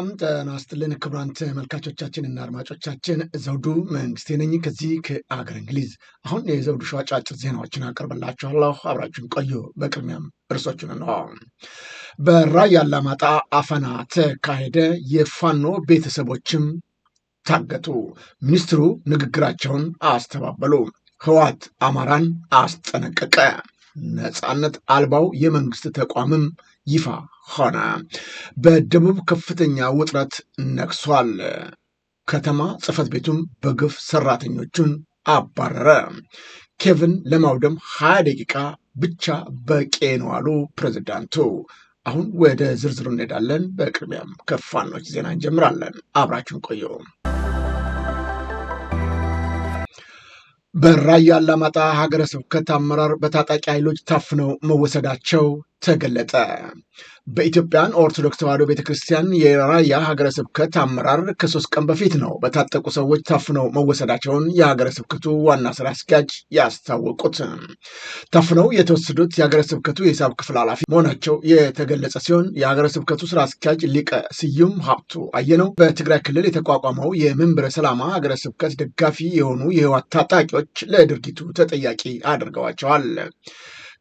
ሰላም ጤና ይስጥልን ክቡራን ተመልካቾቻችንና አድማጮቻችን ዘውዱ መንግስቴ ነኝ ከዚህ ከአገር እንግሊዝ። አሁን የዘውዱ ሾው አጫጭር ዜናዎችን አቀርብላችኋለሁ። አብራችሁን ቆዩ። በቅድሚያም እርሶችን ነው። በራያ አላማጣ አፈና ተካሄደ፣ የፋኖ ቤተሰቦችም ታገቱ። ሚኒስትሩ ንግግራቸውን አስተባበሉ። ህወሓት አማራን አስጠነቀቀ። ነፃነት አልባው የመንግስት ተቋምም ይፋ ሆነ። በደቡብ ከፍተኛ ውጥረት ነግሷል። ከተማ ጽህፈት ቤቱም በግፍ ሰራተኞቹን አባረረ። ኬቭን ለማውደም ሀያ ደቂቃ ብቻ በቄ ነው አሉ ፕሬዚዳንቱ። አሁን ወደ ዝርዝሩ እንሄዳለን። በቅድሚያም ከፋኖች ዜና እንጀምራለን። አብራችን ቆዩ። በራያ አላማጣ ሀገረ ስብከት አመራር በታጣቂ ኃይሎች ታፍነው መወሰዳቸው ተገለጠ። በኢትዮጵያን ኦርቶዶክስ ተዋሕዶ ቤተ ክርስቲያን የራያ ሀገረ ስብከት አመራር ከሶስት ቀን በፊት ነው በታጠቁ ሰዎች ታፍነው መወሰዳቸውን የሀገረ ስብከቱ ዋና ስራ አስኪያጅ ያስታወቁት። ታፍነው የተወሰዱት የሀገረ ስብከቱ የሂሳብ ክፍል ኃላፊ መሆናቸው የተገለጸ ሲሆን የሀገረ ስብከቱ ስራ አስኪያጅ ሊቀ ስዩም ሀብቱ አየነው በትግራይ ክልል የተቋቋመው የመንበረ ሰላማ ሀገረ ስብከት ደጋፊ የሆኑ የህወሓት ታጣቂዎች ለድርጊቱ ተጠያቂ አድርገዋቸዋል።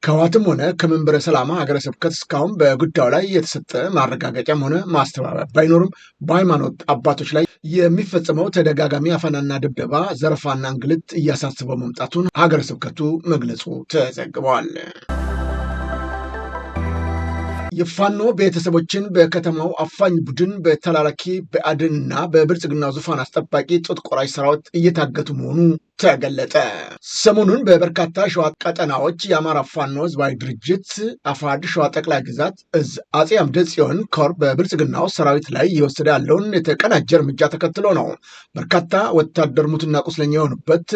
ከዋትም ሆነ ከመንበረ ሰላማ ሀገረ ስብከት እስካሁን በጉዳዩ ላይ የተሰጠ ማረጋገጫም ሆነ ማስተባበያ ባይኖርም በሃይማኖት አባቶች ላይ የሚፈጸመው ተደጋጋሚ አፈናና ድብደባ፣ ዘረፋና እንግልት እያሳስበው መምጣቱን ሀገረ ስብከቱ መግለጹ ተዘግቧል። የፋኖ ቤተሰቦችን በከተማው አፋኝ ቡድን በተላላኪ በአድንና በብልጽግና ዙፋን አስጠባቂ ጡት ቆራጭ ሰራዊት እየታገቱ መሆኑ ተገለጠ። ሰሞኑን በበርካታ ሸዋ ቀጠናዎች የአማራ ፋኖ ህዝባዊ ድርጅት አፋድ ሸዋ ጠቅላይ ግዛት እዝ አጼ አምደ ጽዮን ኮር በብልጽግናው ሰራዊት ላይ እየወሰደ ያለውን የተቀናጀ እርምጃ ተከትሎ ነው። በርካታ ወታደር ሙትና ቁስለኛ የሆኑበት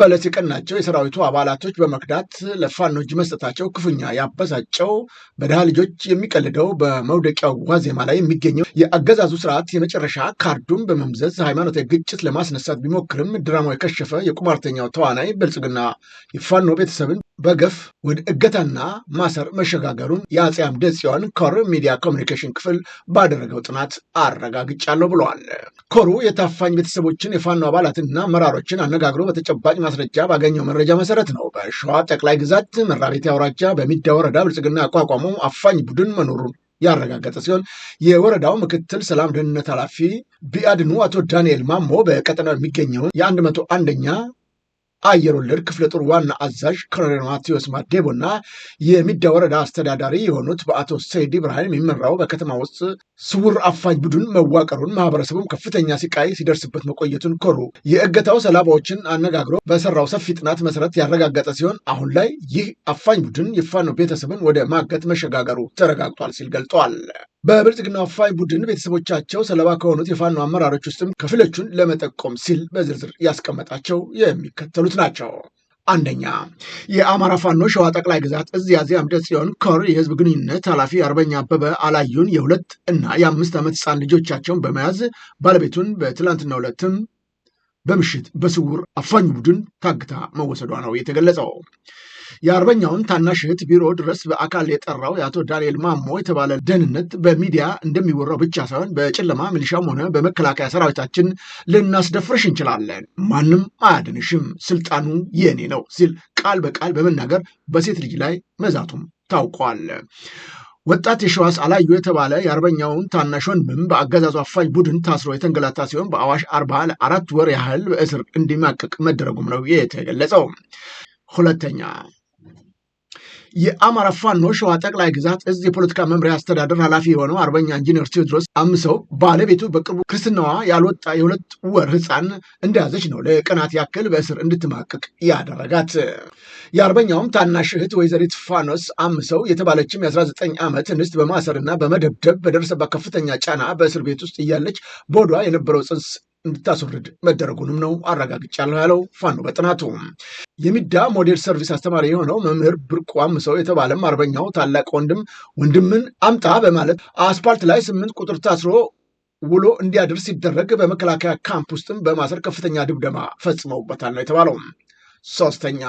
ባለሲቅናቸው የሰራዊቱ አባላቶች በመክዳት ለፋኖ እጅ መስጠታቸው ክፉኛ ያበሳጨው በድሃ ልጆች የሚቀልደው በመውደቂያው ዋዜማ ላይ የሚገኘው የአገዛዙ ስርዓት የመጨረሻ ካርዱን በመምዘዝ ሃይማኖታዊ ግጭት ለማስነሳት ቢሞክርም ድራማው የከሸፈ የቁማርተኛው ተዋናይ ብልጽግና የፋኖ ቤተሰብን በገፍ ወደ እገታና ማሰር መሸጋገሩን የአጼ አምደ ጽዮን ኮር ሚዲያ ኮሚኒኬሽን ክፍል ባደረገው ጥናት አረጋግጫለሁ ብለዋል። ኮሩ የታፋኝ ቤተሰቦችን የፋኖ አባላትንና መራሮችን አነጋግሮ በተጨባጭ ማስረጃ ባገኘው መረጃ መሰረት ነው በሸዋ ጠቅላይ ግዛት መራቤቴ አውራጃ በሚዳ ወረዳ ብልጽግና ያቋቋመው አፋኝ ቡድን መኖሩን ያረጋገጠ ሲሆን የወረዳው ምክትል ሰላም ደህንነት ኃላፊ ቢአድኑ አቶ ዳንኤል ማሞ በቀጠናው የሚገኘውን የአንድ መቶ አንደኛ አየር ወለድ ክፍለ ጦር ዋና አዛዥ ኮሎኔል ማቴዎስ ማዴቦ የሚዳ ወረዳ አስተዳዳሪ የሆኑት በአቶ ሰይድ ብርሃን የሚመራው በከተማ ውስጥ ስውር አፋኝ ቡድን መዋቀሩን ማህበረሰቡም ከፍተኛ ስቃይ ሲደርስበት መቆየቱን ኮሩ የእገታው ሰላባዎችን አነጋግሮ በሰራው ሰፊ ጥናት መሰረት ያረጋገጠ ሲሆን አሁን ላይ ይህ አፋኝ ቡድን የፋኖ ቤተሰብን ወደ ማገት መሸጋገሩ ተረጋግጧል ሲል ገልጠዋል። በብልጽግናው አፋኝ ቡድን ቤተሰቦቻቸው ሰለባ ከሆኑት የፋኖ አመራሮች ውስጥም ከፊሎቹን ለመጠቆም ሲል በዝርዝር ያስቀመጣቸው የሚከተሉት ናቸው። አንደኛ የአማራ ፋኖ ሸዋ ጠቅላይ ግዛት እዚያ ዚያ አምደ ጽዮን ኮር የህዝብ ግንኙነት ኃላፊ አርበኛ አበበ አላዩን የሁለት እና የአምስት ዓመት ህፃን ልጆቻቸውን በመያዝ ባለቤቱን በትላንትና ሁለትም በምሽት በስውር አፋኝ ቡድን ታግታ መወሰዷ ነው የተገለጸው። የአርበኛውን ታናሽ እህት ቢሮ ድረስ በአካል የጠራው የአቶ ዳንኤል ማሞ የተባለ ደህንነት በሚዲያ እንደሚወራው ብቻ ሳይሆን በጨለማ ሚሊሻም ሆነ በመከላከያ ሰራዊታችን ልናስደፍርሽ እንችላለን፣ ማንም አያድንሽም፣ ስልጣኑ የኔ ነው ሲል ቃል በቃል በመናገር በሴት ልጅ ላይ መዛቱም ታውቋል። ወጣት የሸዋስ አላዩ የተባለ የአርበኛውን ታናሽ ወንድም በአገዛዙ አፋኝ ቡድን ታስሮ የተንገላታ ሲሆን በአዋሽ አርባ ለአራት ወር ያህል በእስር እንዲማቀቅ መደረጉም ነው የተገለጸው። ሁለተኛ የአማራ ፋኖ ሸዋ ጠቅላይ ግዛት እዝ የፖለቲካ መምሪያ አስተዳደር ኃላፊ የሆነው አርበኛ ኢንጂነር ቴዎድሮስ አምሰው ባለቤቱ በቅርቡ ክርስትናዋ ያልወጣ የሁለት ወር ህፃን እንደያዘች ነው ለቀናት ያክል በእስር እንድትማቅቅ ያደረጋት። የአርበኛውም ታናሽ እህት ወይዘሪት ፋኖስ አምሰው የተባለችም የ19 ዓመት እንስት በማሰርና በመደብደብ በደረሰባት ከፍተኛ ጫና በእስር ቤት ውስጥ እያለች ቦዷ የነበረው ጽንስ እንድታስወርድ መደረጉንም ነው አረጋግጫለሁ ያለው ፋኖ በጥናቱ የሚዳ ሞዴል ሰርቪስ አስተማሪ የሆነው መምህር ብርቋም ሰው የተባለም አርበኛው ታላቅ ወንድም ወንድምን አምጣ በማለት አስፓልት ላይ ስምንት ቁጥር ታስሮ ውሎ እንዲያድር ሲደረግ በመከላከያ ካምፕ ውስጥም በማሰር ከፍተኛ ድብደማ ፈጽመውበታል ነው የተባለው። ሶስተኛ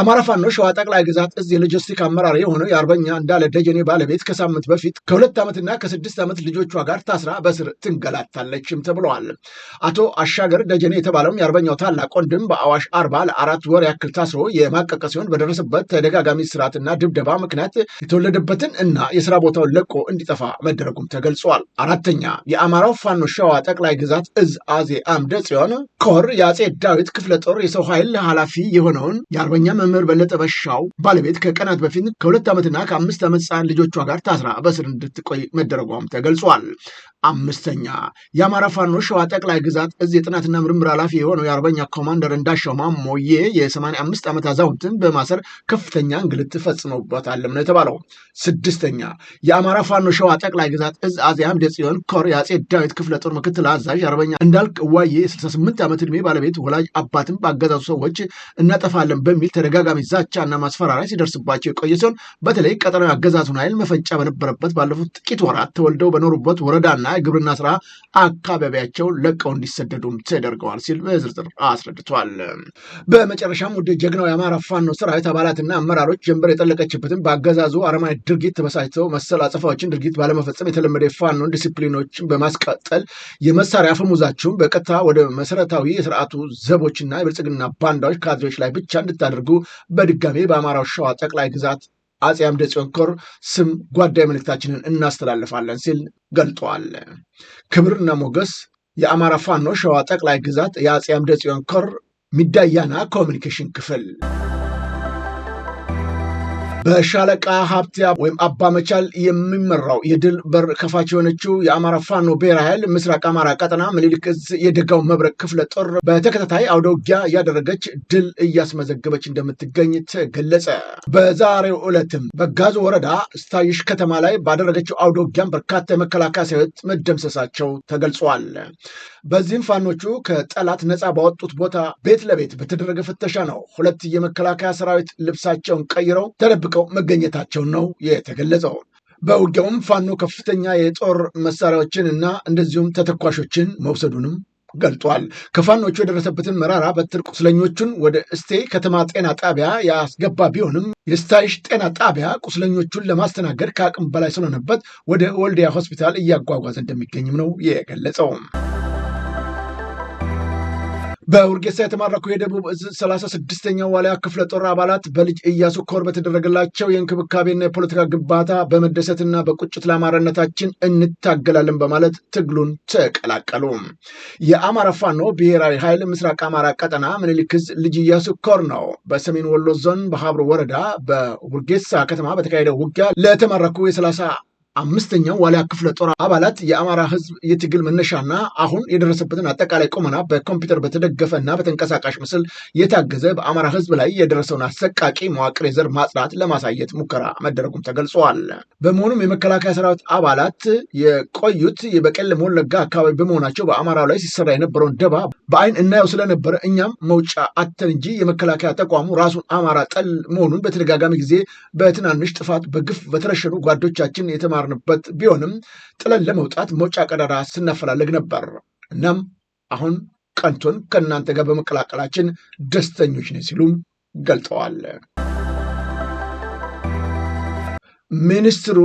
አማራ ፋኖ ሸዋ ጠቅላይ ግዛት እዝ የሎጂስቲክ አመራር የሆነው የአርበኛ እንዳለ ደጀኔ ባለቤት ከሳምንት በፊት ከሁለት ዓመትና ከስድስት ዓመት ልጆቿ ጋር ታስራ በስር ትንገላታለችም ተብለዋል። አቶ አሻገር ደጀኔ የተባለውም የአርበኛው ታላቅ ወንድም በአዋሽ አርባ ለአራት ወር ያክል ታስሮ የማቀቀ ሲሆን በደረሰበት ተደጋጋሚ ስርዓትና ድብደባ ምክንያት የተወለደበትን እና የስራ ቦታውን ለቆ እንዲጠፋ መደረጉም ተገልጿል። አራተኛ የአማራው ፋኖ ሸዋ ጠቅላይ ግዛት እዝ አጼ አምደ ጽዮን ኮር የአጼ ዳዊት ክፍለ ጦር የሰው ኃይል ኃላፊ የሆነውን የአርበኛ መምህር በለጠ በሻው ባለቤት ከቀናት በፊት ከሁለት ዓመትና ከአምስት ዓመት ሕፃን ልጆቿ ጋር ታስራ በስር እንድትቆይ መደረጓም ተገልጿል። አምስተኛ የአማራ ፋኖ ሸዋ ጠቅላይ ግዛት እዝ የጥናትና ምርምር ኃላፊ የሆነው የአርበኛ ኮማንደር እንዳሻው ማሞዬ የ85 ዓመት አዛውንትን በማሰር ከፍተኛ እንግልት ፈጽመውበታልም ነው የተባለው። ስድስተኛ የአማራ ፋኖ ሸዋ ጠቅላይ ግዛት እዝ አፄ አምደ ጽዮን ኮር የአጼ ዳዊት ክፍለ ጦር ምክትል አዛዥ አርበኛ እንዳልክ ዋዬ የ68 ዓመት ዕድሜ ባለቤት ወላጅ አባትን በአገዛዙ ሰዎች እናጠፋለን በሚል ተደጋጋሚ እና ማስፈራሪያ ሲደርስባቸው የቆየ ሲሆን በተለይ ቀጠናዊ አገዛዙን ኃይል መፈንጫ በነበረበት ባለፉት ጥቂት ወራት ተወልደው በኖሩበት ወረዳና የግብርና ስራ አካባቢያቸው ለቀው እንዲሰደዱም ተደርገዋል ሲል በዝርዝር አስረድቷል። በመጨረሻም ወደ ጀግናው የአማራ ፋኖ ሰራዊት አባላትና አመራሮች ጀንበር የጠለቀችበትን በአገዛዙ አረማዊ ድርጊት ተበሳጭተው መሰል አጸፋዎችን ድርጊት ባለመፈጸም የተለመደ የፋኖን ዲሲፕሊኖችን በማስቀጠል የመሳሪያ አፈሙዛችሁን በቀጥታ ወደ መሰረታዊ የስርዓቱ ዘቦችና የብልጽግና ባንዳዎች ካድሬዎች ላይ ብቻ እንድታደርጉ በድጋሜ በአማራው ሸዋ ጠቅላይ ግዛት አጼ አምደ ጽዮን ኮር ስም ጓዳይ መልእክታችንን እናስተላልፋለን ሲል ገልጠዋል። ክብርና ሞገስ የአማራ ፋኖ ሸዋ ጠቅላይ ግዛት የአጼ አምደ ጽዮን ኮር ሚዳያና ኮሚኒኬሽን ክፍል በሻለቃ ሀብት ወይም አባ መቻል የሚመራው የድል በር ከፋች የሆነችው የአማራ ፋኖ ብሔራዊ ኃይል ምስራቅ አማራ ቀጠና ምኒልክ እዝ የደጋው መብረቅ ክፍለ ጦር በተከታታይ አውደ ውጊያ እያደረገች ድል እያስመዘገበች እንደምትገኝ ተገለጸ። በዛሬው ዕለትም በጋዙ ወረዳ ስታይሽ ከተማ ላይ ባደረገችው አውደ ውጊያም በርካታ የመከላከያ ሰራዊት መደምሰሳቸው ተገልጿል። በዚህም ፋኖቹ ከጠላት ነፃ ባወጡት ቦታ ቤት ለቤት በተደረገ ፍተሻ ነው ሁለት የመከላከያ ሰራዊት ልብሳቸውን ቀይረው ተደብ አጥብቀው መገኘታቸውን ነው የተገለጸው። በውጊያውም ፋኖ ከፍተኛ የጦር መሳሪያዎችን እና እንደዚሁም ተተኳሾችን መውሰዱንም ገልጧል። ከፋኖቹ የደረሰበትን መራራ በትር ቁስለኞቹን ወደ እስቴ ከተማ ጤና ጣቢያ ያስገባ ቢሆንም የስታይሽ ጤና ጣቢያ ቁስለኞቹን ለማስተናገድ ከአቅም በላይ ስለሆነበት ወደ ወልዲያ ሆስፒታል እያጓጓዘ እንደሚገኝም ነው የገለጸው። በውርጌሳ የተማረኩ የደቡብ እዝ ሰላሳ ስድስተኛው ዋሊያ ክፍለ ጦር አባላት በልጅ እያሱ ኮር በተደረገላቸው የእንክብካቤና የፖለቲካ ግንባታ በመደሰትና በቁጭት ለአማራነታችን እንታገላለን በማለት ትግሉን ተቀላቀሉ። የአማራ ፋኖ ብሔራዊ ኃይል ምስራቅ አማራ ቀጠና ምኒልክ እዝ ልጅ እያሱ ኮር ነው በሰሜን ወሎ ዞን በሀብሮ ወረዳ በውርጌሳ ከተማ በተካሄደው ውጊያ ለተማረኩ የሰላሳ አምስተኛው ዋሊያ ክፍለ ጦር አባላት የአማራ ህዝብ የትግል መነሻና አሁን የደረሰበትን አጠቃላይ ቁመና በኮምፒውተር በተደገፈ እና በተንቀሳቃሽ ምስል የታገዘ በአማራ ህዝብ ላይ የደረሰውን አሰቃቂ መዋቅር የዘር ማጽዳት ለማሳየት ሙከራ መደረጉም ተገልጿል። በመሆኑም የመከላከያ ሰራዊት አባላት የቆዩት በቄለም ወለጋ አካባቢ በመሆናቸው በአማራ ላይ ሲሰራ የነበረውን ደባ በአይን እናየው ስለነበረ እኛም መውጫ አተን እንጂ የመከላከያ ተቋሙ ራሱን አማራ ጠል መሆኑን በተደጋጋሚ ጊዜ በትናንሽ ጥፋት በግፍ በተረሸኑ ጓዶቻችን የተማ የተማርንበት ቢሆንም ጥለን ለመውጣት መውጫ ቀዳዳ ስናፈላለግ ነበር። እናም አሁን ቀንቶን ከእናንተ ጋር በመቀላቀላችን ደስተኞች ነን ሲሉም ገልጠዋል። ሚኒስትሩ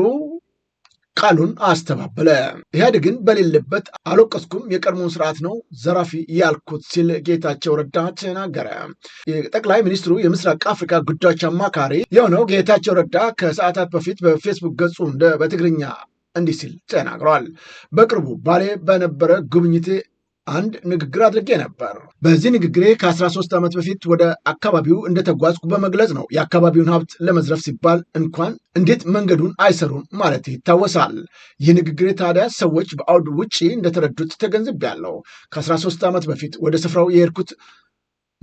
ቃሉን አስተባበለ። ኢህአዴግን በሌለበት አልወቀስኩም፣ የቀድሞን ስርዓት ነው ዘራፊ ያልኩት ሲል ጌታቸው ረዳ ተናገረ። የጠቅላይ ሚኒስትሩ የምስራቅ አፍሪካ ጉዳዮች አማካሪ የሆነው ጌታቸው ረዳ ከሰዓታት በፊት በፌስቡክ ገጹ በትግርኛ እንዲህ ሲል ተናግረዋል። በቅርቡ ባሌ በነበረ ጉብኝቴ አንድ ንግግር አድርጌ ነበር። በዚህ ንግግሬ ከ13 ዓመት በፊት ወደ አካባቢው እንደተጓዝኩ በመግለጽ ነው። የአካባቢውን ሀብት ለመዝረፍ ሲባል እንኳን እንዴት መንገዱን አይሰሩም ማለት ይታወሳል። ይህ ንግግሬ ታዲያ ሰዎች በአውድ ውጪ እንደተረዱት ተገንዝቤያለሁ። ከ13 ዓመት በፊት ወደ ስፍራው የሄድኩት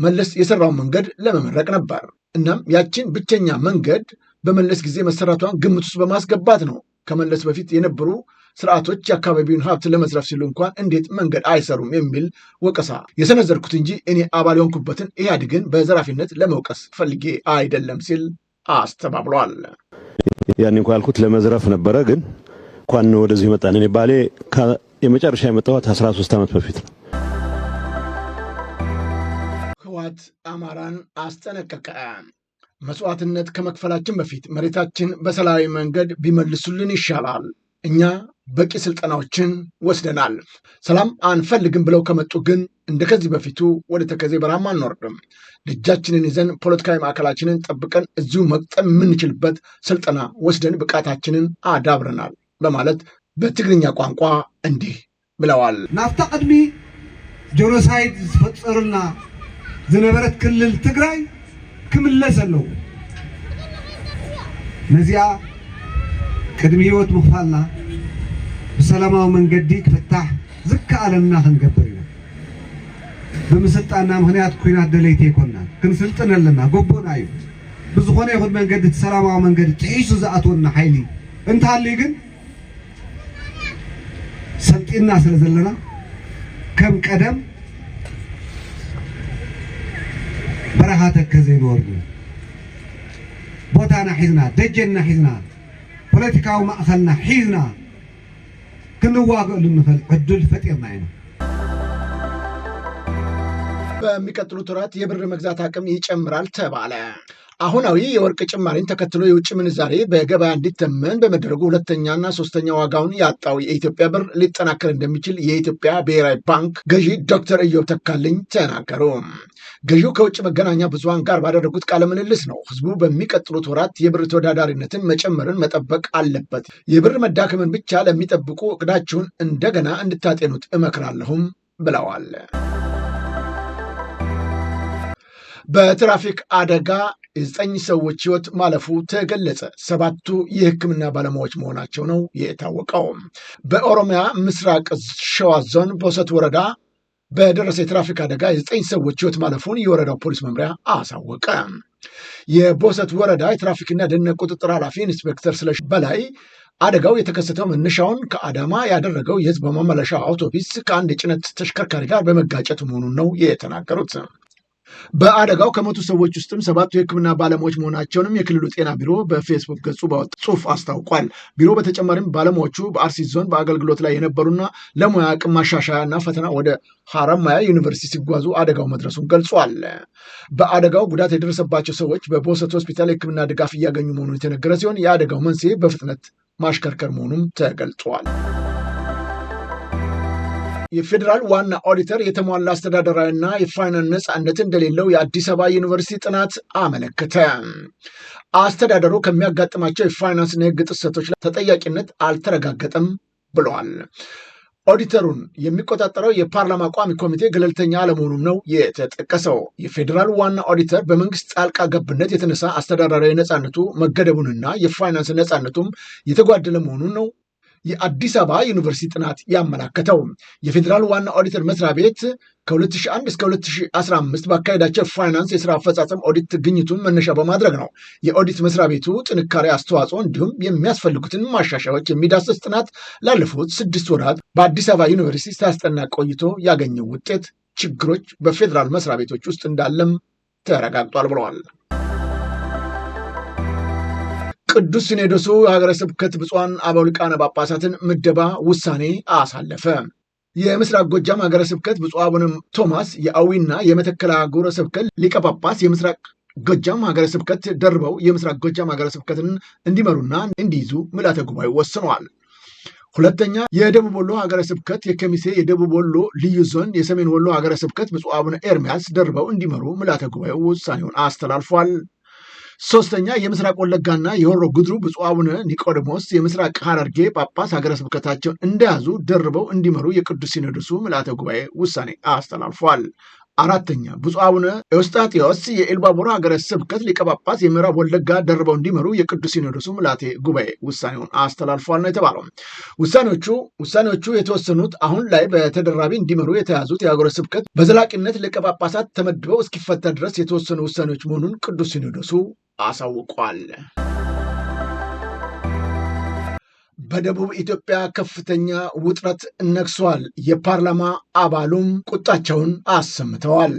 መለስ የሰራውን መንገድ ለመመረቅ ነበር። እናም ያችን ብቸኛ መንገድ በመለስ ጊዜ መሰራቷን ግምት ውስጥ በማስገባት ነው ከመለስ በፊት የነበሩ ስርዓቶች የአካባቢውን ሀብት ለመዝረፍ ሲሉ እንኳን እንዴት መንገድ አይሰሩም የሚል ወቀሳ የሰነዘርኩት እንጂ እኔ አባል የሆንኩበትን ኢህአዴግን በዘራፊነት ለመውቀስ ፈልጌ አይደለም ሲል አስተባብሏል። ያን እንኳ ያልኩት ለመዝረፍ ነበረ። ግን እንኳን ወደዚህ መጣን። እኔ ባሌ የመጨረሻ የመጣሁት 13 ዓመት በፊት ነው። ህወሓት አማራን አስጠነቀቀ። መስዋዕትነት ከመክፈላችን በፊት መሬታችን በሰላማዊ መንገድ ቢመልሱልን ይሻላል። እኛ በቂ ስልጠናዎችን ወስደናል። ሰላም አንፈልግም ብለው ከመጡ ግን እንደ ከዚህ በፊቱ ወደ ተከዜ በረሃም አንወርድም። ልጃችንን ይዘን ፖለቲካዊ ማዕከላችንን ጠብቀን እዚሁ መቅጠም የምንችልበት ስልጠና ወስደን ብቃታችንን አዳብረናል በማለት በትግርኛ ቋንቋ እንዲህ ብለዋል። ናፍታ ቅድሚ ጆኖሳይድ ዝፈፀርና ዝነበረት ክልል ትግራይ ክምለስ ኣለዉ ነዚኣ ከእድሜ ህይወት ምዃልና ብሰላማዊ መንገዲ ክፍታሕ ዝከኣለና ክንገብር ኢና ብምስልጣና ምክንያት ኩናት ደለይቲ ኣይኮንናን ክንስልጥን ኣለና ጎቦና እዩ ብዝኾነ ይኹን መንገዲ ሰላማዊ መንገዲ ጥሒሱ ዝኣትወና ሓይሊ እንተሃልዩ ግን ሰልጢና ስለ ዘለና ከም ቀደም በረኻ ተከዘይንወርዱ ቦታና ሒዝና ደጀና ሒዝና ፖለቲካዊ ማእኸልና ሒዝና ክንዋግእሉ ንኽእል ዕድል ፈጢርና ኢና። በሚቀጥሉት ወራት የብር መግዛት አቅም ይጨምራል ተባለ። አሁናዊ የወርቅ ጭማሪን ተከትሎ የውጭ ምንዛሬ በገበያ እንዲተመን በመደረጉ ሁለተኛና ሶስተኛ ዋጋውን ያጣው የኢትዮጵያ ብር ሊጠናከር እንደሚችል የኢትዮጵያ ብሔራዊ ባንክ ገዢ ዶክተር እዮብ ተካልኝ ተናገሩ። ገዢው ከውጭ መገናኛ ብዙሃን ጋር ባደረጉት ቃለ ምልልስ ነው ህዝቡ በሚቀጥሉት ወራት የብር ተወዳዳሪነትን መጨመርን መጠበቅ አለበት፣ የብር መዳከምን ብቻ ለሚጠብቁ እቅዳችሁን እንደገና እንድታጤኑት እመክራለሁም ብለዋል። በትራፊክ አደጋ የዘጠኝ ሰዎች ህይወት ማለፉ ተገለጸ። ሰባቱ የህክምና ባለሙያዎች መሆናቸው ነው የታወቀው። በኦሮሚያ ምስራቅ ሸዋ ዞን በውሰት ወረዳ በደረሰ የትራፊክ አደጋ የዘጠኝ ሰዎች ህይወት ማለፉን የወረዳው ፖሊስ መምሪያ አሳወቀ። የቦሰት ወረዳ የትራፊክና ደህንነት ቁጥጥር ኃላፊ ኢንስፔክተር ስለሽ በላይ አደጋው የተከሰተው መነሻውን ከአዳማ ያደረገው የህዝብ ማመላለሻ አውቶቡስ ከአንድ የጭነት ተሽከርካሪ ጋር በመጋጨት መሆኑን ነው የተናገሩት። በአደጋው ከመቶ ሰዎች ውስጥም ሰባቱ የህክምና ባለሙያዎች መሆናቸውንም የክልሉ ጤና ቢሮ በፌስቡክ ገጹ ባወጣ ጽሁፍ አስታውቋል። ቢሮ በተጨማሪም ባለሙያዎቹ በአርሲ ዞን በአገልግሎት ላይ የነበሩና ለሙያ አቅም ማሻሻያ ፈተና ወደ ሀረማያ ዩኒቨርሲቲ ሲጓዙ አደጋው መድረሱን ገልጿል። በአደጋው ጉዳት የደረሰባቸው ሰዎች በቦሰት ሆስፒታል የህክምና ድጋፍ እያገኙ መሆኑን የተነገረ ሲሆን የአደጋው መንስኤ በፍጥነት ማሽከርከር መሆኑም ተገልጿል። የፌዴራል ዋና ኦዲተር የተሟላ አስተዳደራዊና የፋይናንስ ነጻነት እንደሌለው የአዲስ አበባ ዩኒቨርሲቲ ጥናት አመለከተ። አስተዳደሩ ከሚያጋጥማቸው የፋይናንስና የሕግ ጥሰቶች ላ ተጠያቂነት አልተረጋገጠም ብለዋል። ኦዲተሩን የሚቆጣጠረው የፓርላማ ቋሚ ኮሚቴ ገለልተኛ አለመሆኑም ነው የተጠቀሰው። የፌዴራል ዋና ኦዲተር በመንግስት ጣልቃ ገብነት የተነሳ አስተዳደራዊ ነጻነቱ መገደቡንና የፋይናንስ ነጻነቱም የተጓደለ መሆኑን ነው የአዲስ አበባ ዩኒቨርሲቲ ጥናት ያመላከተው። የፌዴራል ዋና ኦዲተር መስሪያ ቤት ከ2001 እስከ 2015 ባካሄዳቸው ፋይናንስ የስራ አፈጻጸም ኦዲት ግኝቱን መነሻ በማድረግ ነው የኦዲት መስሪያ ቤቱ ጥንካሬ አስተዋጽኦ፣ እንዲሁም የሚያስፈልጉትን ማሻሻዎች የሚዳሰስ ጥናት ላለፉት ስድስት ወራት በአዲስ አበባ ዩኒቨርሲቲ ሲያስጠና ቆይቶ ያገኘው ውጤት ችግሮች በፌዴራል መስሪያ ቤቶች ውስጥ እንዳለም ተረጋግጧል ብለዋል። ቅዱስ ሲኖዶሱ የሀገረ ስብከት ብፁዓን አበው ሊቃነ ጳጳሳትን ምደባ ውሳኔ አሳለፈ። የምስራቅ ጎጃም ሀገረ ስብከት ብፁዕ አቡነ ቶማስ የአዊና የመተከል አህጉረ ስብከት ሊቀ ጳጳስ የምስራቅ ጎጃም ሀገረ ስብከት ደርበው የምስራቅ ጎጃም ሀገረ ስብከትን እንዲመሩና እንዲይዙ ምልዓተ ጉባኤ ወስነዋል። ሁለተኛ የደቡብ ወሎ ሀገረ ስብከት የከሚሴ የደቡብ ወሎ ልዩ ዞን የሰሜን ወሎ ሀገረ ስብከት ብፁዕ አቡነ ኤርሚያስ ደርበው እንዲመሩ ምልዓተ ጉባኤው ውሳኔውን አስተላልፏል። ሶስተኛ የምስራቅ ወለጋና የሆሮ ጉድሩ ብፁዕ አቡነ ኒቆዲሞስ የምስራቅ ሐረርጌ ጳጳስ ሀገረ ስብከታቸውን እንደያዙ ደርበው እንዲመሩ የቅዱስ ሲኖዶሱ ምልአተ ጉባኤ ውሳኔ አስተላልፏል። አራተኛ ብፁዕ አቡነ ኤዎስጣቴዎስ የኢሉባቦር ሀገረ ስብከት ሊቀ ጳጳስ የምዕራብ ወለጋ ደርበው እንዲመሩ የቅዱስ ሲኖዶሱ ምልአተ ጉባኤ ውሳኔውን አስተላልፏል ነው የተባለው። ውሳኔዎቹ ውሳኔዎቹ የተወሰኑት አሁን ላይ በተደራቢ እንዲመሩ የተያዙት የሀገረ ስብከት በዘላቂነት ሊቀ ጳጳሳት ተመድበው እስኪፈታ ድረስ የተወሰኑ ውሳኔዎች መሆኑን ቅዱስ ሲኖዶሱ አሳውቋል። በደቡብ ኢትዮጵያ ከፍተኛ ውጥረት ነግሷል። የፓርላማ አባሉም ቁጣቸውን አሰምተዋል።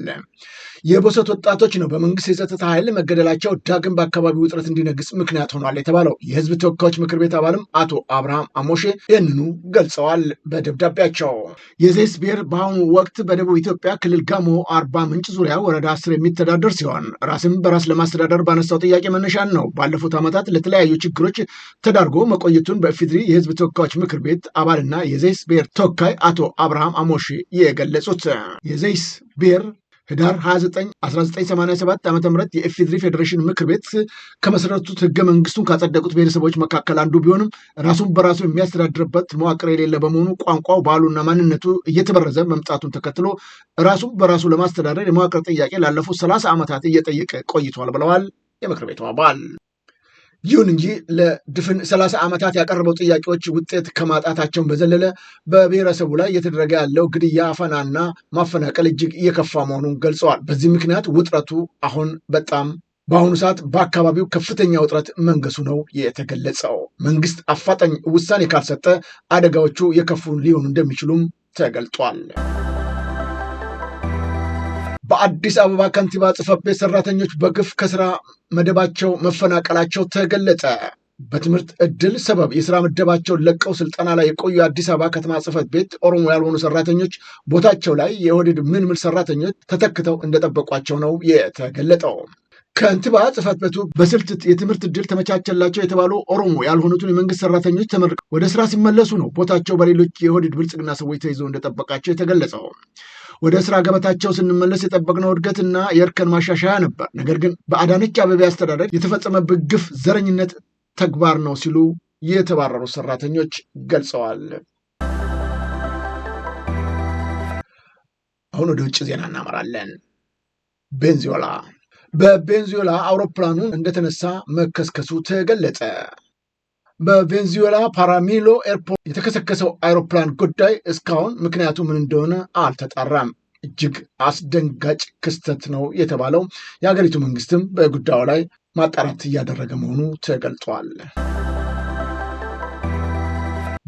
የቦሰት ወጣቶች ነው በመንግስት የጸጥታ ኃይል መገደላቸው ዳግም በአካባቢው ውጥረት እንዲነግስ ምክንያት ሆኗል የተባለው። የህዝብ ተወካዮች ምክር ቤት አባልም አቶ አብርሃም አሞሼ ይህንኑ ገልጸዋል በደብዳቤያቸው። የዘይስ ብሔር በአሁኑ ወቅት በደቡብ ኢትዮጵያ ክልል ጋሞ አርባ ምንጭ ዙሪያ ወረዳ አስር የሚተዳደር ሲሆን ራስን በራስ ለማስተዳደር ባነሳው ጥያቄ መነሻን ነው ባለፉት ዓመታት ለተለያዩ ችግሮች ተዳርጎ መቆየቱን በፊድሪ የህዝብ ተወካዮች ምክር ቤት አባልና የዘይስ ብሔር ተወካይ አቶ አብርሃም አሞሼ የገለጹት የዘይስ ብሔር ህዳር 29 1987 ዓ ም ፌዴሬሽን ምክር ቤት ከመሰረቱት ህገ መንግስቱን ካጸደቁት ብሔረሰቦች መካከል አንዱ ቢሆንም ራሱን በራሱ የሚያስተዳድርበት መዋቅር የሌለ በመሆኑ ቋንቋው፣ ባህሉና ማንነቱ እየተበረዘ መምጣቱን ተከትሎ ራሱን በራሱ ለማስተዳደር የመዋቅር ጥያቄ ላለፉት ሰላሳ ዓመታት እየጠየቀ ቆይቷል ብለዋል የምክር ቤቱ አባል። ይሁን እንጂ ለድፍን 30 ዓመታት ያቀረበው ጥያቄዎች ውጤት ከማጣታቸውን በዘለለ በብሔረሰቡ ላይ እየተደረገ ያለው ግድያ፣ አፈናና ማፈናቀል እጅግ እየከፋ መሆኑን ገልጸዋል። በዚህ ምክንያት ውጥረቱ አሁን በጣም በአሁኑ ሰዓት በአካባቢው ከፍተኛ ውጥረት መንገሱ ነው የተገለጸው። መንግስት አፋጣኝ ውሳኔ ካልሰጠ አደጋዎቹ የከፉ ሊሆኑ እንደሚችሉም ተገልጧል። በአዲስ አበባ ከንቲባ ጽሕፈት ቤት ሰራተኞች በግፍ ከስራ መደባቸው መፈናቀላቸው ተገለጸ። በትምህርት እድል ሰበብ የስራ መደባቸውን ለቀው ስልጠና ላይ የቆዩ የአዲስ አበባ ከተማ ጽሕፈት ቤት ኦሮሞ ያልሆኑ ሰራተኞች ቦታቸው ላይ የወድድ ምንምል ሰራተኞች ተተክተው እንደጠበቋቸው ነው የተገለጠው። ከንቲባ ጽሕፈት ቤቱ በስልት የትምህርት እድል ተመቻቸላቸው የተባሉ ኦሮሞ ያልሆኑትን የመንግስት ሰራተኞች ተመርቀው ወደ ስራ ሲመለሱ ነው ቦታቸው በሌሎች የወድድ ብልጽግና ሰዎች ተይዞ እንደጠበቃቸው የተገለጸው። ወደ ስራ ገበታቸው ስንመለስ የጠበቅነው እድገትና የእርከን ማሻሻያ ነበር። ነገር ግን በአዳነች አበቤ አስተዳደር የተፈጸመበት ግፍ ዘረኝነት ተግባር ነው ሲሉ የተባረሩ ሰራተኞች ገልጸዋል። አሁን ወደ ውጭ ዜና እናመራለን። ቬንዙዌላ በቬንዙዌላ አውሮፕላኑን እንደተነሳ መከስከሱ ተገለጸ። በቬንዙዌላ ፓራሚሎ ኤርፖርት የተከሰከሰው አይሮፕላን ጉዳይ እስካሁን ምክንያቱ ምን እንደሆነ አልተጣራም። እጅግ አስደንጋጭ ክስተት ነው የተባለው። የሀገሪቱ መንግስትም በጉዳዩ ላይ ማጣራት እያደረገ መሆኑ ተገልጧል።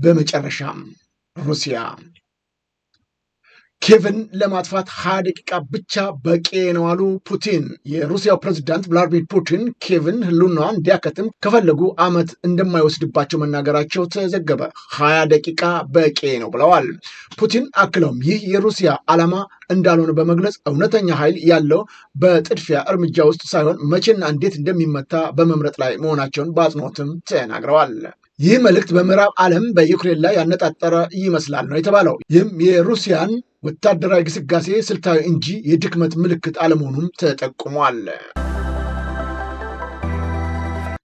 በመጨረሻም ሩሲያ ኬቭን ለማጥፋት ሀያ ደቂቃ ብቻ በቂ ነው አሉ ፑቲን። የሩሲያው ፕሬዚዳንት ቭላዲሚር ፑቲን ኬቭን ህልውናዋ እንዲያከትም ከፈለጉ አመት እንደማይወስድባቸው መናገራቸው ተዘገበ። ሀያ ደቂቃ በቂ ነው ብለዋል ፑቲን። አክለውም ይህ የሩሲያ ዓላማ እንዳልሆነ በመግለጽ እውነተኛ ኃይል ያለው በጥድፊያ እርምጃ ውስጥ ሳይሆን መቼና እንዴት እንደሚመታ በመምረጥ ላይ መሆናቸውን በአጽንኦትም ተናግረዋል። ይህ መልእክት በምዕራብ ዓለም በዩክሬን ላይ ያነጣጠረ ይመስላል ነው የተባለው። ይህም የሩሲያን ወታደራዊ ግስጋሴ ስልታዊ እንጂ የድክመት ምልክት አለመሆኑም ተጠቁሟል።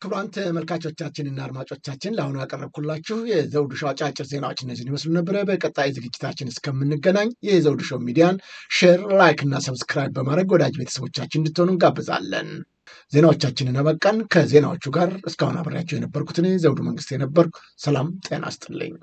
ክቡራን ተመልካቾቻችንና አድማጮቻችን ለአሁኑ ያቀረብኩላችሁ የዘውዱ ሾው አጫጭር ዜናዎች እነዚህን ይመስሉ ነበረ። በቀጣይ ዝግጅታችን እስከምንገናኝ የዘውዱ ሾው ሚዲያን ሼር፣ ላይክ እና ሰብስክራይብ በማድረግ ወዳጅ ቤተሰቦቻችን እንድትሆኑ እንጋብዛለን። ዜናዎቻችንን አበቃን። ከዜናዎቹ ጋር እስካሁን አብሬያቸው የነበርኩት እኔ ዘውዱ መንግስት የነበርኩ። ሰላም ጤና አስጥልኝ።